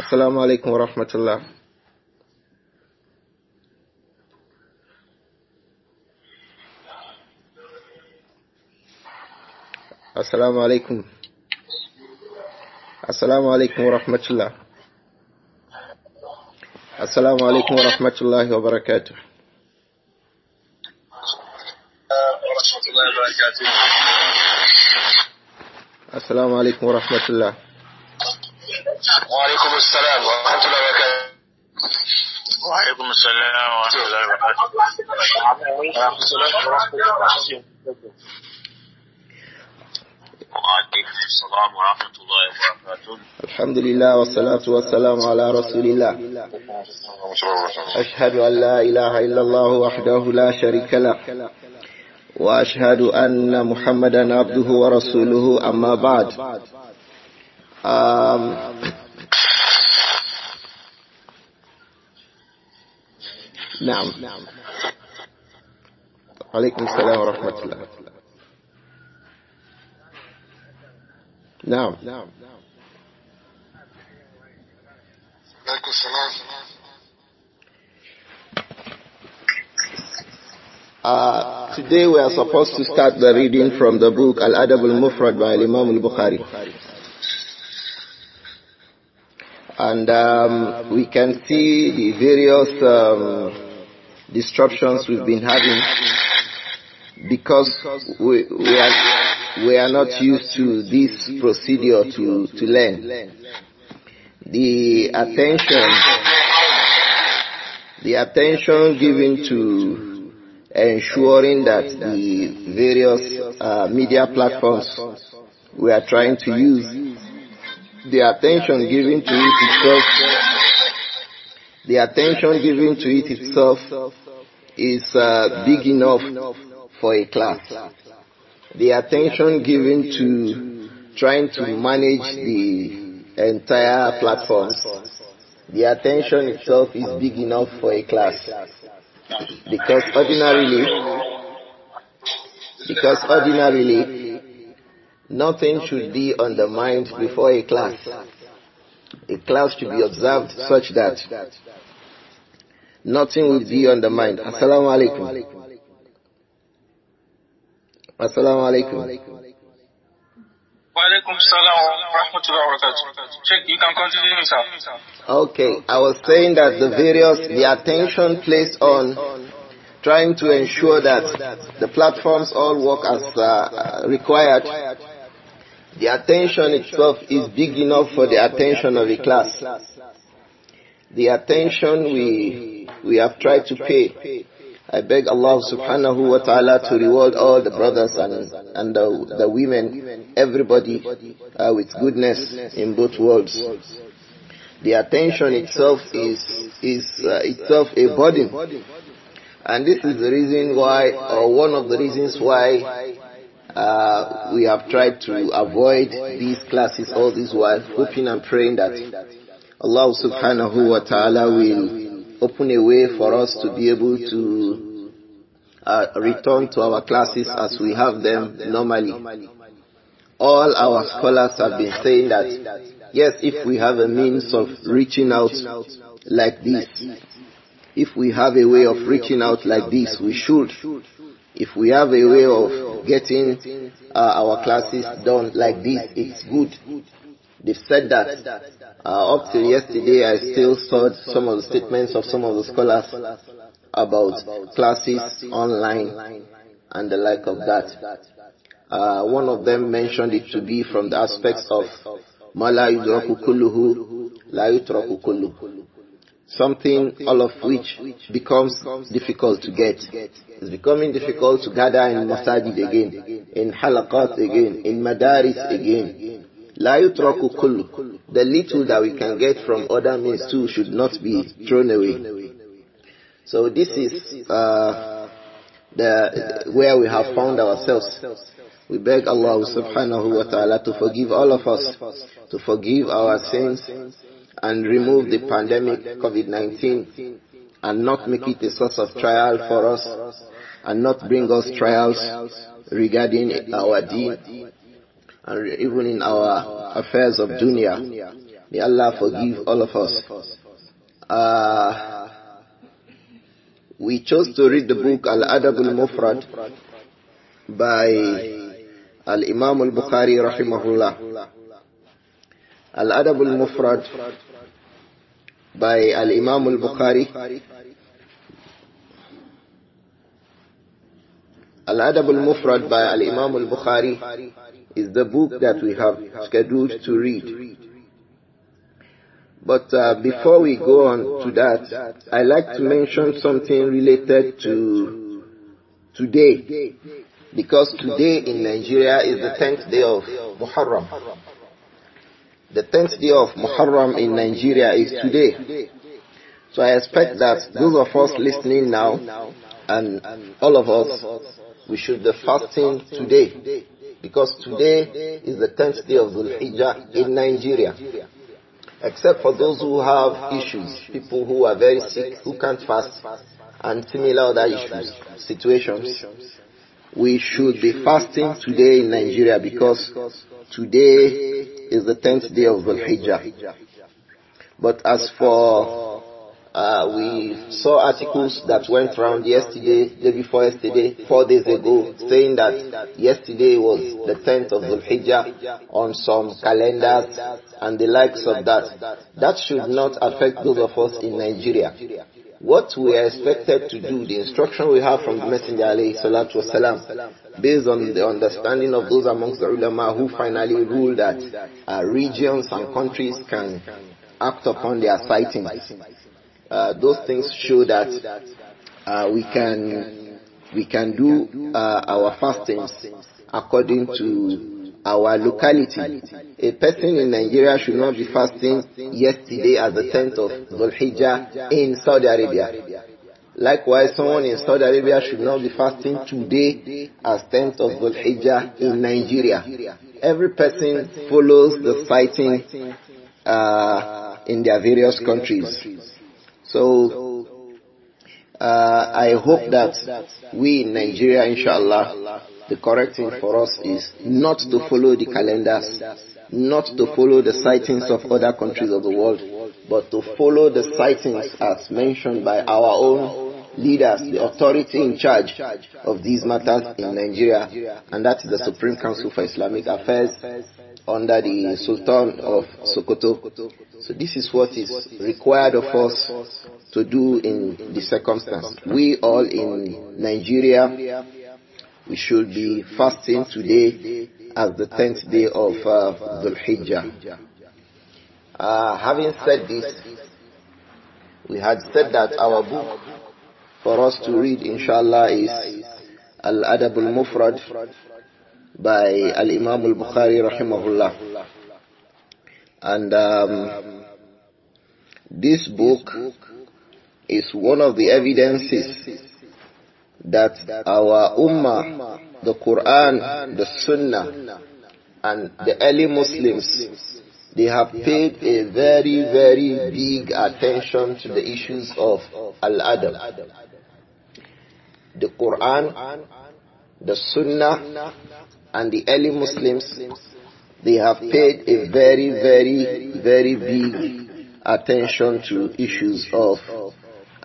السلام عليكم ورحمة الله السلام عليكم السلام عليكم ورحمة الله السلام عليكم ورحمة الله وبركاته ورحمة الله وبركاته السلام عليكم ورحمة الله السلام ورحمة الله وبركاته وعليكم السلام ورحمة الله وبركاته وعليكم السلام ورحمة الله وبركاته الحمد لله والصلاة والسلام على رسول الله أشهد أن لا إله إلا الله وحده لا شريك له وأشهد أن محمدا عبده ورسوله أما بعد نعم عليكم السلام ورحمة الله نعم عليكم السلام Uh, today we are supposed to start the reading from the book Al-Adab al-Mufrad by Imam al-Bukhari. And um, we can see the various um, disruptions we've been having because we, we, are, we are not used to this procedure to, to learn. The attention, the attention given to ensuring that the various uh, media platforms we are trying to use, the attention given to it just the attention given to it itself is uh, big enough for a class. The attention given to trying to manage the entire platforms, the attention itself is big enough for a class. Because ordinarily, because ordinarily, nothing should be undermined before a class. A class should be observed such that Nothing will be on the undermined. Assalamu alaikum. Assalamu alaikum. Walaikum Sheikh, you can continue, Okay, I was saying that the various, the attention placed on trying to ensure that the platforms all work as uh, uh required, the attention itself is big enough for the attention of a class. The attention we we have tried to pay. I beg Allah subhanahu wa ta'ala to reward all the brothers and, and the, the women, everybody uh, with goodness in both worlds. The attention itself is, is uh, itself a burden. And this is the reason why, or one of the reasons why uh, we have tried to avoid these classes all this while, hoping and praying that Allah subhanahu wa ta'ala will open a way for us to be able to uh, return to our classes as we have them normally. All our scholars have been saying that, yes, if we have a means of reaching out like this, if we have a way of reaching out like this, we should. If we have a way of getting uh, our classes done like this, it's good. They've said that. Uh, up till yesterday, I still saw some of the statements of some of the scholars about classes online and the like of that. Uh, one of them mentioned it to be from the aspects of mala yudraku kulluhu la yutraku Something all of which becomes difficult to get. It's becoming difficult to gather in masajid again, in halaqat again, in madaris again. The little that we can get from other means too should not be thrown away. So this is uh, the where we have found ourselves. We beg Allah subhanahu wa ta'ala to forgive all of us, to forgive our sins and remove the pandemic COVID-19 and not make it a source of trial for us and not bring us trials regarding our deen and even in our affairs of dunya. May Allah forgive all of us. Uh, we chose to read the book Al-Adab al-Mufrad by Al-Imam al-Bukhari rahimahullah. Al-Adab al-Mufrad by Al-Imam al-Bukhari Al-Adab al-Mufrad by Al-Imam al-Bukhari is the book that we have scheduled to read. But uh, before we go on to that, I like to mention something related to today. Because today in Nigeria is the 10th day of Muharram. The 10th day of Muharram in Nigeria is today. So I expect that those of us listening now and all of us we should be fasting today because today is the 10th day of Dhul Hijjah in Nigeria. Except for those who have issues, people who are very sick, who can't fast, and similar other issues, situations. We should be fasting today in Nigeria because today is the 10th day of Dhul Hijjah. But as for uh, we saw articles that went around yesterday, day before yesterday, four days ago, saying that yesterday was the 10th of Zulhijjah on some calendars and the likes of that. That should not affect those of us in Nigeria. What we are expected to do, the instruction we have from the Messenger alayhi salatu based on the understanding of those amongst the ulama who finally rule that uh, regions and countries can act upon their sightings uh, those things show that uh, we can we can do uh, our fastings according to our locality. A person in Nigeria should not be fasting yesterday as the 10th of Dhul Hijjah in Saudi Arabia. Likewise, someone in Saudi Arabia should not be fasting today as 10th of Dhul Hijjah in Nigeria. Every person follows the sighting uh, in their various countries. So, uh, I hope that we in Nigeria, inshallah, the correct thing for us is not to follow the calendars, not to follow the sightings of other countries of the world, but to follow the sightings as mentioned by our own leaders, the authority in charge of these matters in Nigeria, and that is the Supreme Council for Islamic Affairs under the Sultan of Sokoto. So this is what is required of us to do in the circumstance. We all in Nigeria, we should be fasting today as the 10th day uh, of uh, Dhul Hijjah. Uh, having said this, we had said that our book for us to read, inshallah, is Al-Adab al-Mufrad by Al-Imam al-Bukhari, rahimahullah. And um, this book is one of the evidences that our ummah, the Quran, the Sunnah, and the early Muslims, they have paid a very, very big attention to the issues of Al-Adab the Quran, the Sunnah, and the early Muslims, they have paid a very, very, very big attention to issues of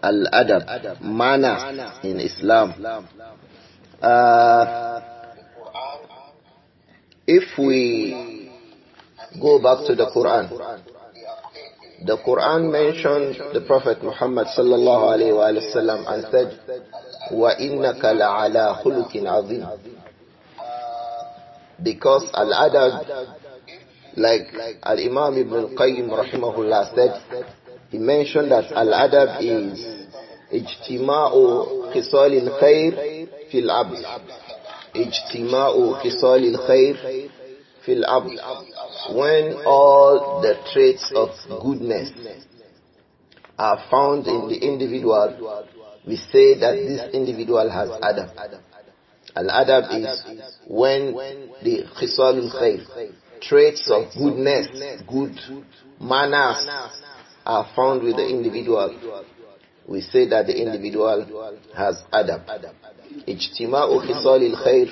al-adab, manners in Islam. Uh, if we go back to the Quran, the Quran mentioned the Prophet Muhammad sallallahu alayhi wa sallam and said, وَإِنَّكَ لَعَلَى خُلُقٍ عَظِيمٍ Because Al-Adad, like Al-Imam Ibn qayyim rahimahullah said, he mentioned that Al-Adab is اجتماع خصال الخير في العبد اجتماع خصال الخير في العبد when all the traits of goodness are found in the individual, we say that this individual has adab. Al-adab is when the khisal khayr, traits of goodness, good manners are found with the individual. We say that the individual has adab. اجتماع خصال الخير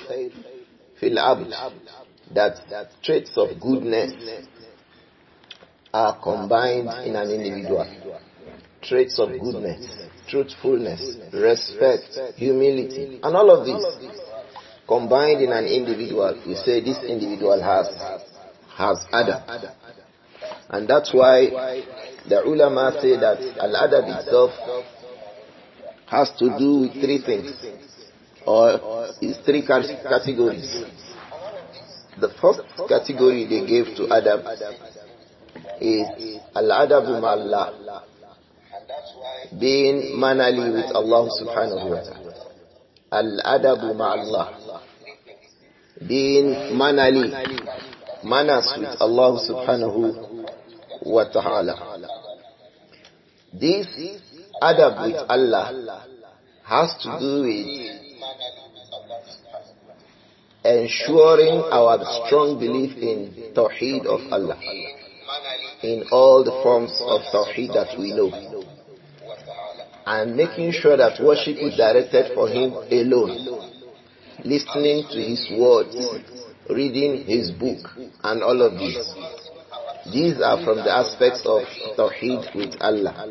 fil abd that traits of goodness are combined in an individual. Traits of goodness, truthfulness, respect, humility, and all of these combined in an individual, we say this individual has has adab. And that's why the ulama say that al-adab itself has to do with three things, or is three categories. The first category they gave to Adam is Al-Adabu Ma'Allah, being manali with Allah subhanahu wa ta'ala. Al-Adabu Ma'Allah, being manali, manas with Allah subhanahu wa ta'ala. This adab with Allah has to do with ensuring our strong belief in Tawheed of Allah, in all the forms of Tawheed that we know, and making sure that worship is directed for Him alone, listening to His words, reading His book, and all of these. These are from the aspects of Tawheed with Allah.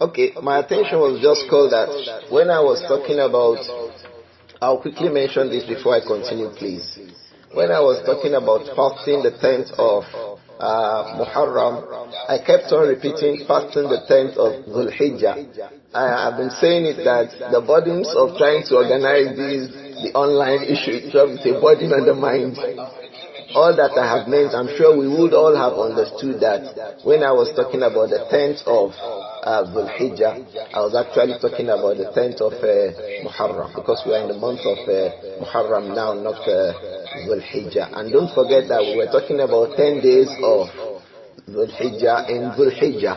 Okay, my attention was just called that when I was talking about, I'll quickly mention this before I continue, please. When I was talking about fasting the 10th of uh, Muharram, I kept on repeating fasting the 10th of Zulhijjah. I have been saying it that the burdens of trying to organize these, the online issue itself is a burden on the mind all that I have meant, I'm sure we would all have understood that when I was talking about the 10th of uh, Dhul Hijjah, I was actually talking about the 10th of uh, Muharram because we are in the month of uh, Muharram now, not uh, Dhul Hijjah. And don't forget that we were talking about 10 days of Dhul Hijjah in Dhul Hijjah.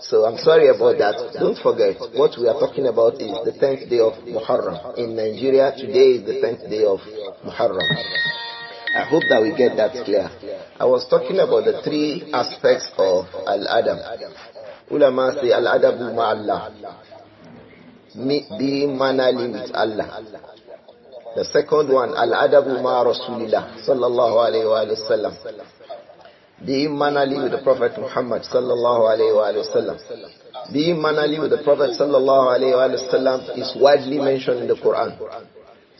So I'm sorry about that. Don't forget, what we are talking about is the 10th day of Muharram. In Nigeria, today is the 10th day of Muharram. I hope that we get that clear. I was talking about the three aspects of Al-Adam. ulama say al'adabu ma Allah being mannerly with Allah the second one al al'adabu ma Rasulillah sallallahu alayhi wa sallam being mannerly with the Prophet Muhammad sallallahu alayhi wa sallam being mannerly with the Prophet sallallahu alayhi wa sallam is widely mentioned in the Quran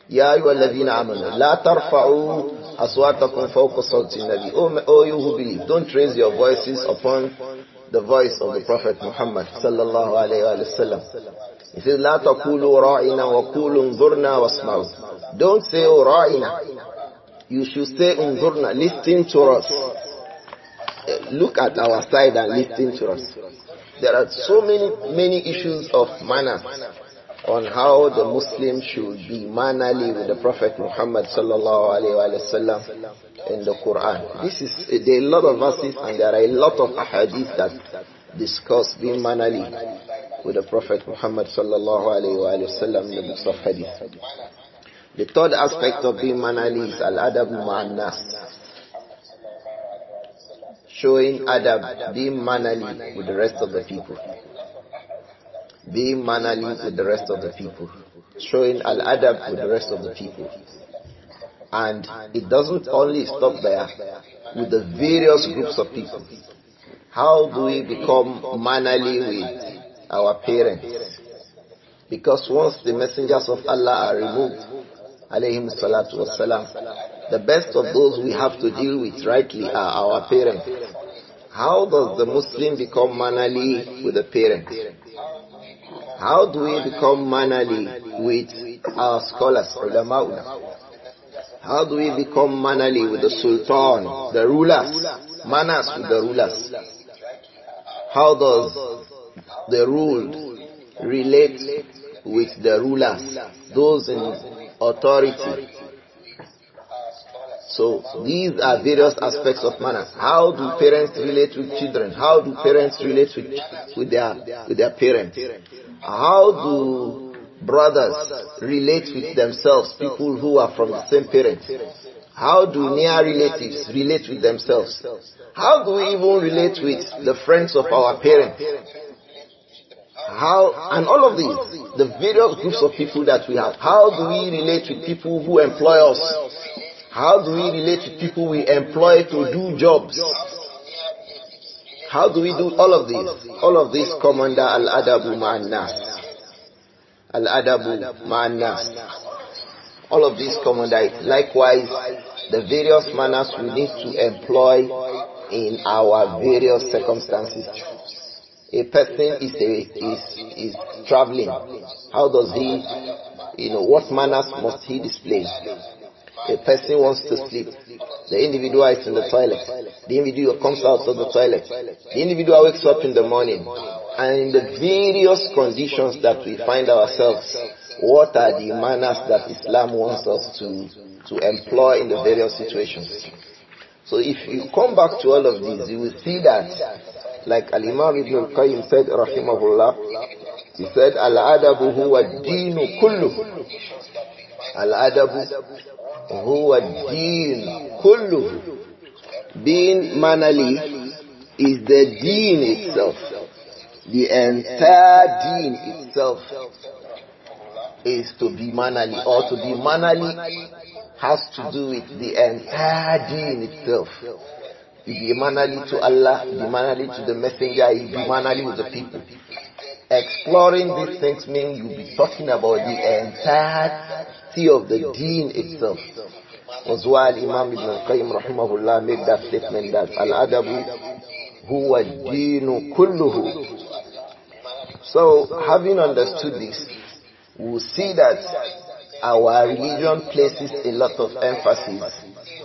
Ya أيها الذين آمنوا la tarfa'u أصواتكم fawqa صوت nabi. Oh you who believe don't raise your voices upon the voice of the Prophet Muhammad sallallahu alayhi wa sallam. He says, لا تقولوا رَعِنَا وَقُولُوا انظُرْنَا وَاسْمَعُوا Don't say oh, رَعِنَا. You should say انظُرْنَا, listen to us. Look at our side and listen to us. There are so many, many issues of manners on how the Muslim should be manali with the Prophet Muhammad sallallahu alayhi wasallam in the Quran. This is there are a lot of verses and there are a lot of hadiths that discuss being manali with the Prophet Muhammad sallallahu alayhi wasallam in the books of hadith. The third aspect of being mannerly is al-adab ma'annas. Showing adab, being manali with the rest of the people being mannerly with the rest of the people, showing al-adab with the rest of the people. And it doesn't only stop there with the various groups of people. How do we become mannerly with our parents? Because once the messengers of Allah are removed, alayhim salatu wasalam, the best of those we have to deal with rightly are our parents. How does the Muslim become mannerly with the parents? How do we become manali with our scholars, ulama? How do we become manali with the sultan, the rulers, manas with the rulers? How does the ruled relate with the rulers, those in authority? So these are various aspects of manners. How do parents relate with children? How do parents relate with, with, their, with their parents? How do brothers relate with themselves, people who are from the same parents? How do near relatives relate with themselves? How do we even relate with the friends of our parents? How, and all of these, the various groups of people that we have, how do we relate with people who employ us? How do we relate with people we employ to do jobs? How do we do all of this? All of this, come under al-adabu ma'annas. Al-adabu ma'annas. All of these come under it. Likewise, the various manners we need to employ in our various circumstances. A person is, a, is, is traveling. How does he, you know, what manners must he display? A person wants to sleep. The individual is in the toilet. The individual comes out of the toilet. The individual wakes up in the morning. And in the various conditions that we find ourselves, what are the manners that Islam wants us to, to employ in the various situations? So if you come back to all of these, you will see that, like Al-Imam Ibn al-Qayyim said, rahimahullah, he said, Al-adabu huwa dinu kullu. Al-adabu huwa dinu kullu. Being mannerly is the deen itself. The entire deen itself is to be mannerly or to be mannerly has to do with the entire deen itself. You be mannerly to Allah, be mannerly to the messenger, you be mannerly with the people. Exploring these things means you'll be talking about the entirety of the deen itself was why Imam Ibn Qayyim rahimahullah made that statement that al-adabu huwa dinu kulluhu. So having understood this, we we'll see that our religion places a lot of emphasis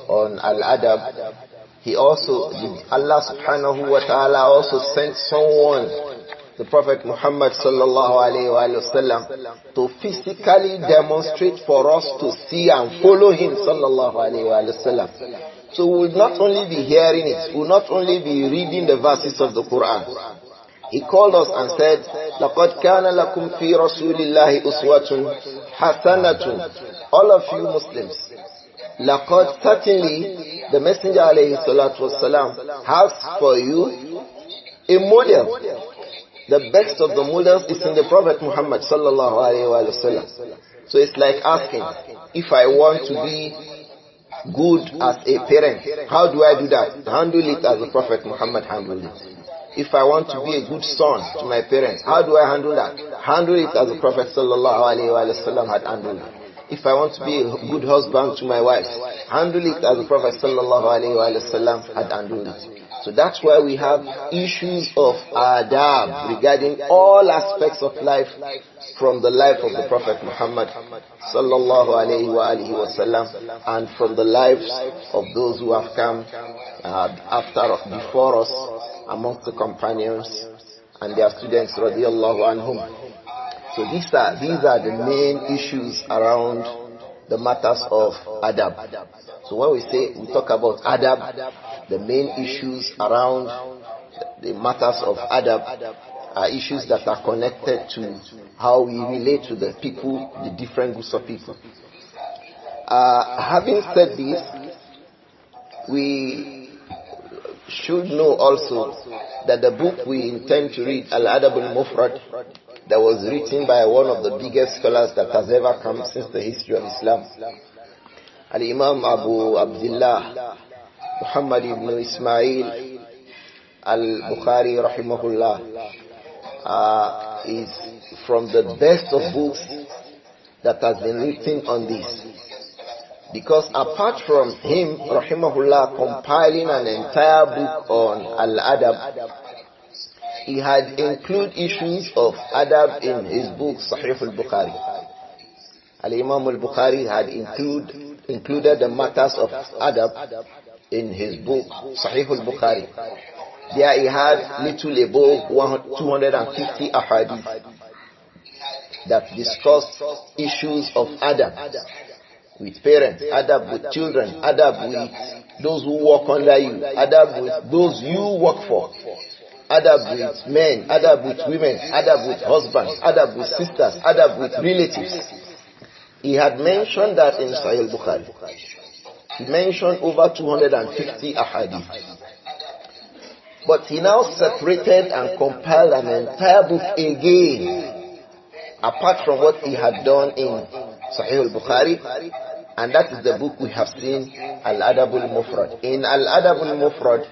on al-adab. He also, Allah subhanahu wa ta'ala also sent someone the Prophet Muhammad sallallahu alayhi wa to physically demonstrate for us to see and follow him sallallahu alayhi wa So we will not only be hearing it, we will not only be reading the verses of the Quran. He called us and said, لَقَدْ كَانَ لَكُمْ فِي رَسُولِ اللَّهِ أُسْوَةٌ حَسَنَةٌ All of you Muslims, لَقَدْ certainly the Messenger alayhi salatu wasallam has for you a model the best of the models is in the Prophet Muhammad sallallahu alayhi wa So it's like asking, if I want to be good as a parent, how do I do that? Handle it as the Prophet Muhammad handled it. If I want to be a good son to my parents, how do I handle that? Handle it as the Prophet sallallahu alayhi wa had handled it. If I want to be a good husband to my wife, handle it as the Prophet sallallahu alayhi wa had handled it. So that's why we have issues of adab regarding all aspects of life from the life of the Prophet Muhammad sallallahu alayhi wa sallam, and from the lives of those who have come uh, after before us amongst the companions and their students radiallahu anhum. So these are, these are the main issues around the matters of adab. So when we say, we talk about adab, the main issues around the matters of adab are issues that are connected to how we relate to the people, the different groups of people. Uh, having said this, we should know also that the book we intend to read, Al-Adab al-Mufrad, that was written by one of the biggest scholars that has ever come since the history of Islam, Al-Imam Abu Abdullah Muhammad ibn Ismail al-Bukhari rahimahullah uh, is from the best of books that has been written on this. Because apart from him, rahimahullah, compiling an entire book on al-adab, he had included issues of adab in his book Sahih al-Bukhari. Al-Imam al-Bukhari had include, included the matters of adab in his book, Sahih al-Bukhari. There he had little above 250 ahadith that discussed issues of adab with parents, adab with children, adab with those who work under you, adab with those you work for, adab with men, adab with women, adab with husbands, adab with sisters, adab with relatives. He had mentioned that in Sahih Bukhari mentioned over 250 ahadith. But he now separated and compiled an entire book again, apart from what he had done in Sahih al-Bukhari, and that is the book we have seen, al Adabul mufrad In al Adabul mufrad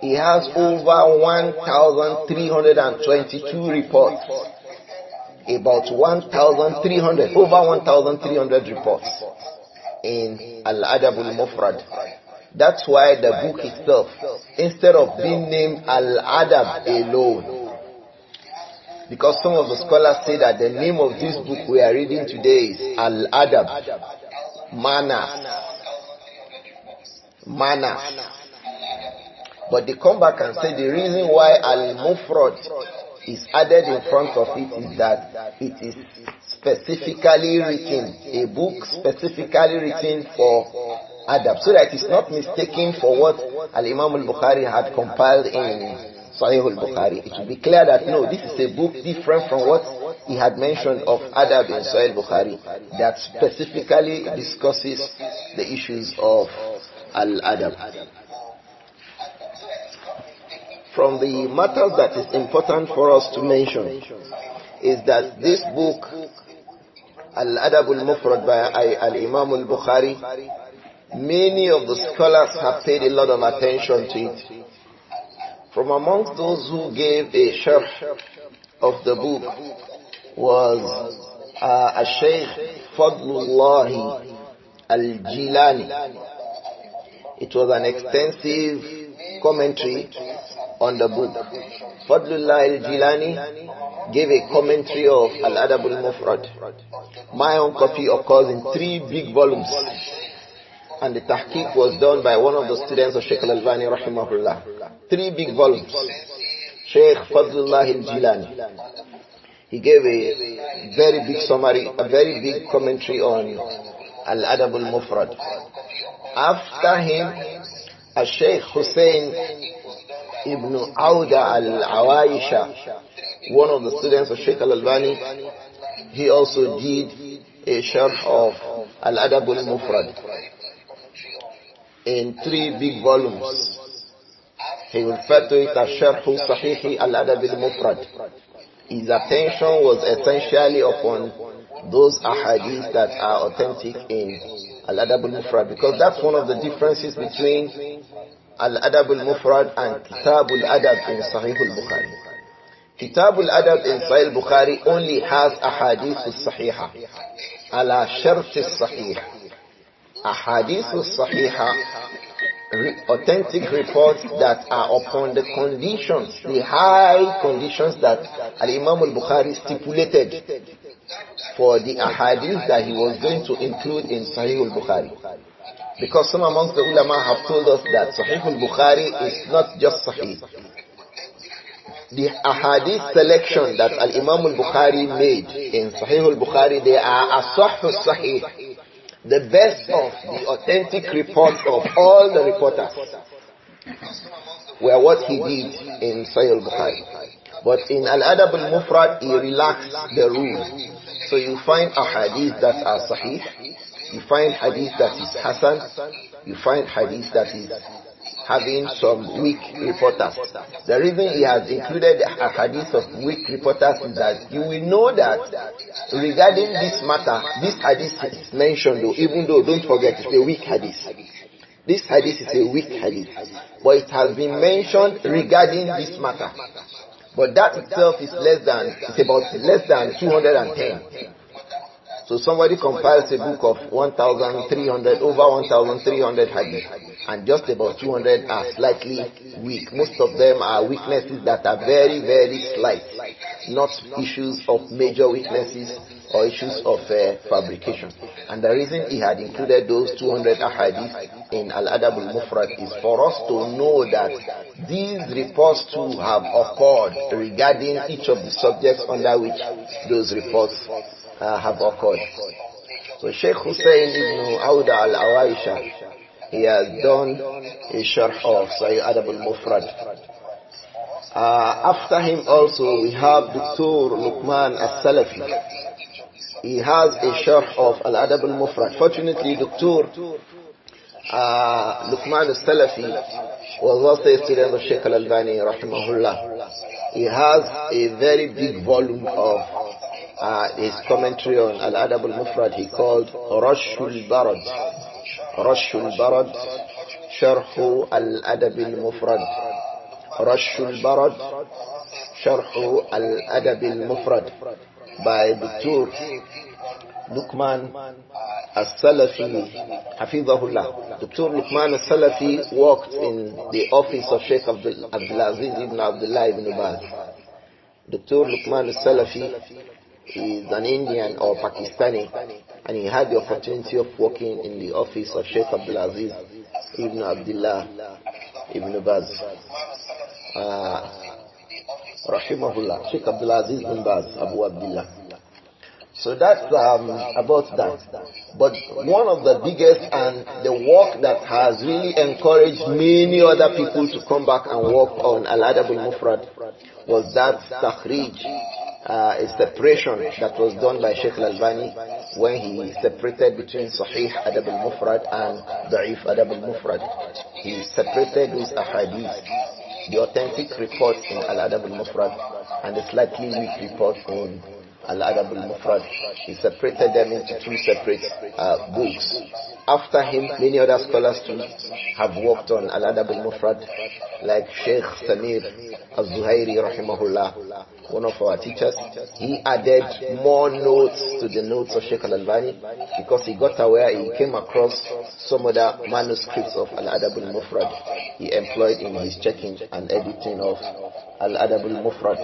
he has over 1,322 reports. About 1,300, over 1,300 reports in al al Mufrad. That's why the book itself, instead of being named Al-Adab alone, because some of the scholars say that the name of this book we are reading today is Al-Adab, Mana, Mana. But they come back and say the reason why Al-Mufrad is added in front of it is that it is specifically written, a book specifically written for adab, so that it's not mistaken for what Al-Imam al-Bukhari had compiled in Sahih al-Bukhari. It should be clear that no, this is a book different from what he had mentioned of adab in Sahih al-Bukhari that specifically discusses the issues of al-adab. From the matters that is important for us to mention is that this book Al-Adab al-Mufrad by Al-Imam al-Bukhari, many of the scholars have paid a lot of attention to it. From amongst those who gave a sharh of the book was uh, Sheikh Fadlullah Al-Jilani. It was an extensive commentary on the book. Fadlullah al-Jilani gave a commentary of Al-Adab al-Mufrad. My own copy occurs in three big volumes. And the tahqiq was done by one of the students of Sheikh al-Albani rahimahullah. Three big volumes. Sheikh Fadlullah al-Jilani. He gave a very big summary, a very big commentary on Al-Adab al-Mufrad. After him, a Sheikh Hussein Ibn Auda al-Awaisha, one of the students of Sheikh al-Albani, he also did a sharh of Al-Adab al-Mufrad in three big volumes. He referred to it as Sharh Sahih Al-Adab al-Mufrad. His attention was essentially upon those ahadith that are authentic in Al-Adab al-Mufrad because that's one of the differences between الأدب المفرد and Kitab al-Adab in Sahih al-Bukhari. Kitab al-Adab in Sahih al-Bukhari only has ahadith al-Sahiha. Ala shart al-Sahih. Ahadith al-Sahiha authentic reports that are upon the conditions, the high conditions that imam al-Bukhari stipulated for the ahadith that he was going to include in Sahih al-Bukhari. Because some amongst the ulama have told us that Sahih al-Bukhari is not just Sahih. The ahadith selection that Al-Imam al-Bukhari made in Sahih al-Bukhari, they are as sahih the best of the authentic reports of all the reporters were what he did in Sahih al-Bukhari. But in Al-Adab al-Mufrad, he relaxed the rule. So you find ahadith that are sahih, you find hadith that is Hassan, you find hadith that is having some weak reporters. The reason he has included a hadith of weak reporters is that you will know that regarding this matter, this hadith is mentioned though, even though don't forget it's a weak hadith. This hadith is a weak hadith, but it has been mentioned regarding this matter. But that itself is less than, it's about less than 210. So somebody compiles a book of 1,300, over 1,300 hadith, and just about 200 are slightly weak. Most of them are weaknesses that are very, very slight, not issues of major weaknesses or issues of uh, fabrication. And the reason he had included those 200 ahadith in Al-Adab al-Mufrad is for us to know that these reports too have occurred regarding each of the subjects under which those reports uh, Habakkuk. So Sheikh Hussein ibn Auda al-Awaisha, he has done a sharh of Sayyid Adab al-Mufrad. Uh, after him also we have Dr. Luqman al-Salafi. He has a sharh of Al-Adab al-Mufrad. Fortunately, Dr. Uh, Luqman al-Salafi was also a student of Sheikh al-Albani, rahimahullah. He has a very big volume of uh, his commentary on Al-Adab al-Mufrad, he called Rashul Barad. Rashul Barad, Sharhu Al-Adab al-Mufrad. Rashul Barad, Sharhu Al-Adab al-Mufrad by Dr. Lukman As-Salafi, Hafizahullah. Dr. Lukman As-Salafi worked in the office of Sheikh Abdul, Aziz ibn Abdullah ibn Baz. Dr. Lukman As-Salafi is an Indian or Pakistani, and he had the opportunity of working in the office of Sheikh Abdulaziz Ibn Abdullah Ibn Baz. Uh, Rahimahullah, Sheikh Abdulaziz Ibn Baz, Abu Abdullah. So that's um, about that. But one of the biggest and the work that has really encouraged many other people to come back and work on Al-Adab al-Mufrad was that Takhrij uh, a separation that was done by Sheikh al-Albani when he separated between Sahih Adab al-Mufrad and Da'if Adab al-Mufrad. He separated those ahadith, the authentic report in Al-Adab al-Mufrad and the slightly weak report in Al-Adab al-Mufrad. He separated them into two separate uh, books. After him, many other scholars too have worked on Al-Adab al-Mufrad, like Sheikh Samir al-Zuhairi rahimahullah, one of our teachers. He added more notes to the notes of Sheikh al-Albani because he got aware he came across some other manuscripts of Al-Adab al-Mufrad he employed in his checking and editing of Al-Adab al-Mufrad.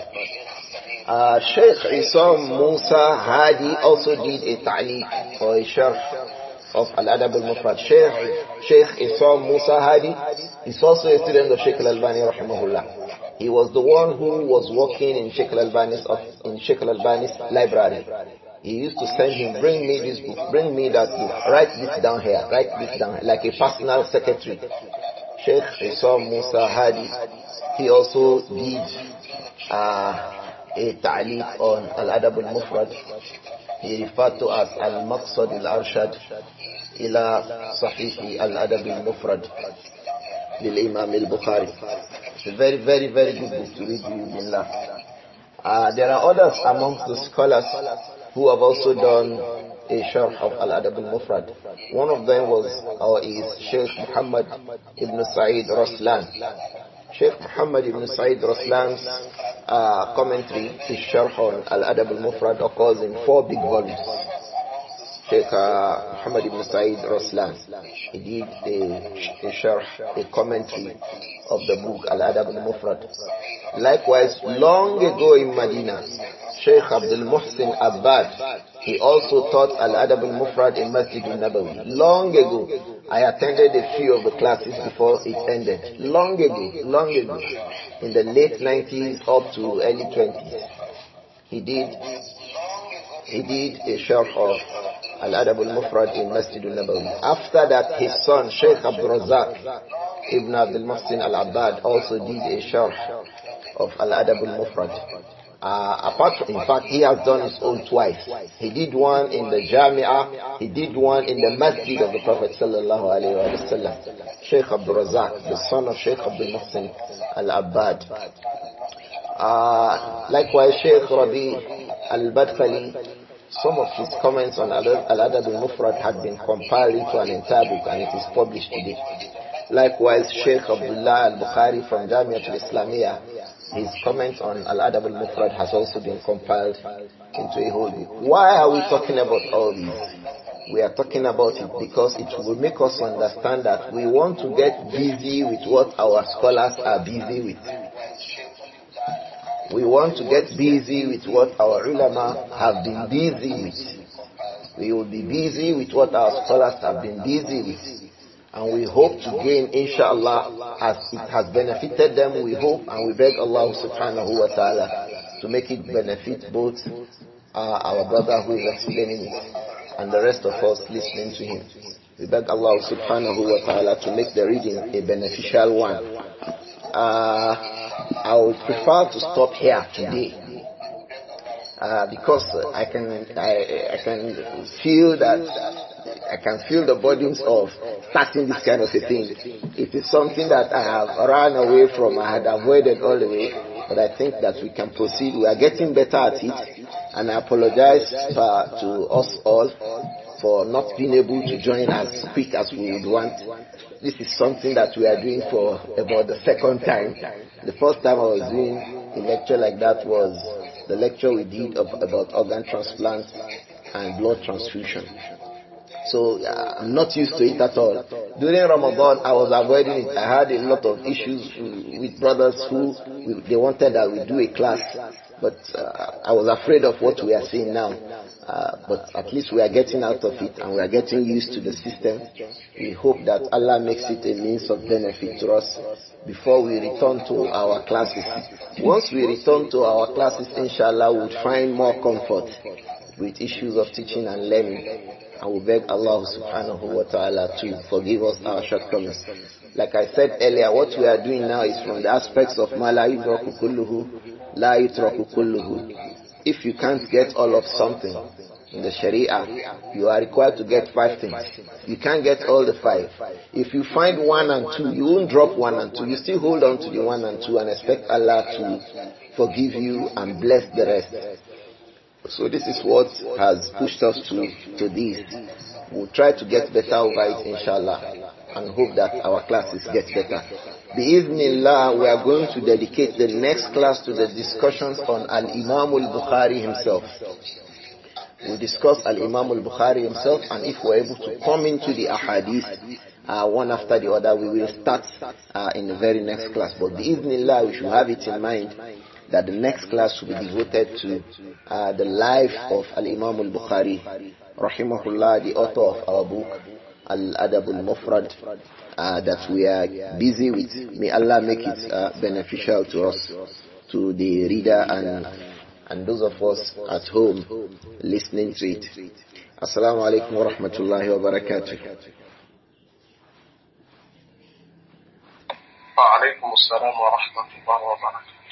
Sheikh Isam Musa Hadi also did a ta'liq or a sharh of Al-Adab al-Mufrad. Sheikh, Sheikh Isam Musa Hadi is also a student of Sheikh al-Albani rahimahullah. He was the one who was working in Sheikh al-Albani's, in Sheikh al-Albani's library. He used to send him, bring me this book, bring me that book, write this down here, write this down, like a personal secretary. Sheikh Isam Musa Hadi, he also did uh, a ta'liq on Al-Adab al-Mufrad. He referred to us Al-Maqsad al-Arshad ila Sahih Al-Adab al-Mufrad للإمام Bukhari. It's a very, very, very good book to read, Bismillah. Uh, there are others amongst the scholars who have also done a sharh of Al-Adab al-Mufrad. One of them was, or is Sheikh Muhammad ibn Sa'id Raslan. Sheikh Muhammad ibn Said Raslan's uh, commentary, his Sharh on Al-Adab al-Mufrad occurs in four big volumes. Sheikh uh, Muhammad ibn Said He did a, a sharh, a commentary of the book Al-Adab al-Mufrad. Likewise, long ago in Medina, Sheikh Abdul Muhsin Abbad, he also taught Al-Adab al-Mufrad in Masjid al-Nabawi. Long ago, I attended a few of the classes before it ended. Long ago, long ago, in the late 90s up to early 20s. He did, he did a sharh of Al-Adab al-Mufrad in Masjid al-Nabawi. After that, his son, Sheikh Abdul Razak Ibn Abdul Muhsin al-Abbad, also did a sharh of Al-Adab al-Mufrad. Uh, apart from, in fact, he has done his own twice. He did one in the Jamia, he did one in the Masjid of the Prophet sallallahu alaihi wasallam. Sheikh Abdul Razak, the son of Sheikh Abdul Muhsin al-Abbad. Uh, likewise, Sheikh Rabi al-Badkhali some of his comments on Al-Adab al-Mufrad had been compiled into an entire book and it is published today. Likewise, Sheikh Abdullah al-Bukhari from Jamiat al-Islamiyah, his comments on Al-Adab al-Mufrad has also been compiled into a whole book. Why are we talking about all this? We are talking about it because it will make us understand that we want to get busy with what our scholars are busy with. We want to get busy with what our ulama have been busy with. We will be busy with what our scholars have been busy with. And we hope to gain, inshallah, as it has benefited them, we hope and we beg Allah subhanahu wa ta'ala to make it benefit both uh, our brother who is explaining it and the rest of us listening to him. We beg Allah subhanahu wa ta'ala to make the reading a beneficial one. Uh, I would prefer to stop here today. Uh, because I can I, I can feel that I can feel the burdens of starting this kind of a thing. It is something that I have run away from, I had avoided all the way, but I think that we can proceed. We are getting better at it, and I apologize uh, to us all for not being able to join as quick as we would want. This is something that we are doing for about the second time. The first time I was doing a lecture like that was the lecture we did of, about organ transplant and blood transfusion. So uh, I'm not used to it at all. During Ramadan, I was avoiding it. I had a lot of issues with brothers who they wanted that we do a class, but uh, I was afraid of what we are seeing now. Uh, but at least we are getting out of it and we are getting used to the system. We hope that Allah makes it a means of benefit to us before we return to our classes. Once we return to our classes, inshallah, we'll find more comfort with issues of teaching and learning. And we beg Allah subhanahu wa ta'ala to forgive us our shortcomings. Like I said earlier, what we are doing now is from the aspects of ma la yudraku if you can't get all of something in the Sharia, you are required to get five things. You can't get all the five. If you find one and two, you won't drop one and two. You still hold on to the one and two and expect Allah to forgive you and bless the rest. So this is what has pushed us to, to this. We'll try to get better over it, inshallah, and hope that our classes get better. Bi'idhnillah, we are going to dedicate the next class to the discussions on Al-Imam al-Bukhari himself. We'll discuss Al-Imam al-Bukhari himself and if we're able to come into the ahadith, uh, one after the other, we will start uh, in the very next class. But bi'idhnillah, we should have it in mind that the next class will be devoted to uh, the life of Al-Imam al-Bukhari, rahimahullah, the author of our book, Al-Adab al-Mufrad uh, that we are busy with. May Allah make it uh, beneficial to us, to the reader and, and those of us at home listening to it. Assalamu alaikum wa rahmatullahi wa barakatuh. وعليكم السلام ورحمة الله وبركاته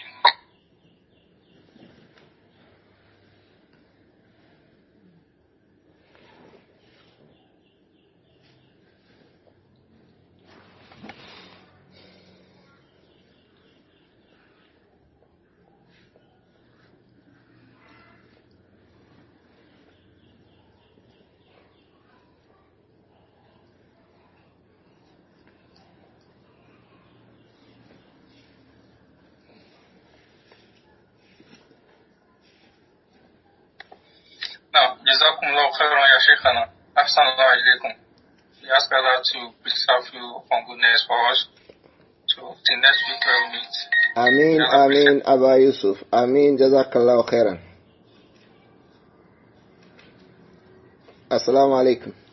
Ну, Хеврон Yashikana, We ask Allah to preserve you from goodness for us. So, till next week we'll meet. Ameen, Ameen, Abba Yusuf. Amin, Jazakallah khairan. Assalamu alaikum.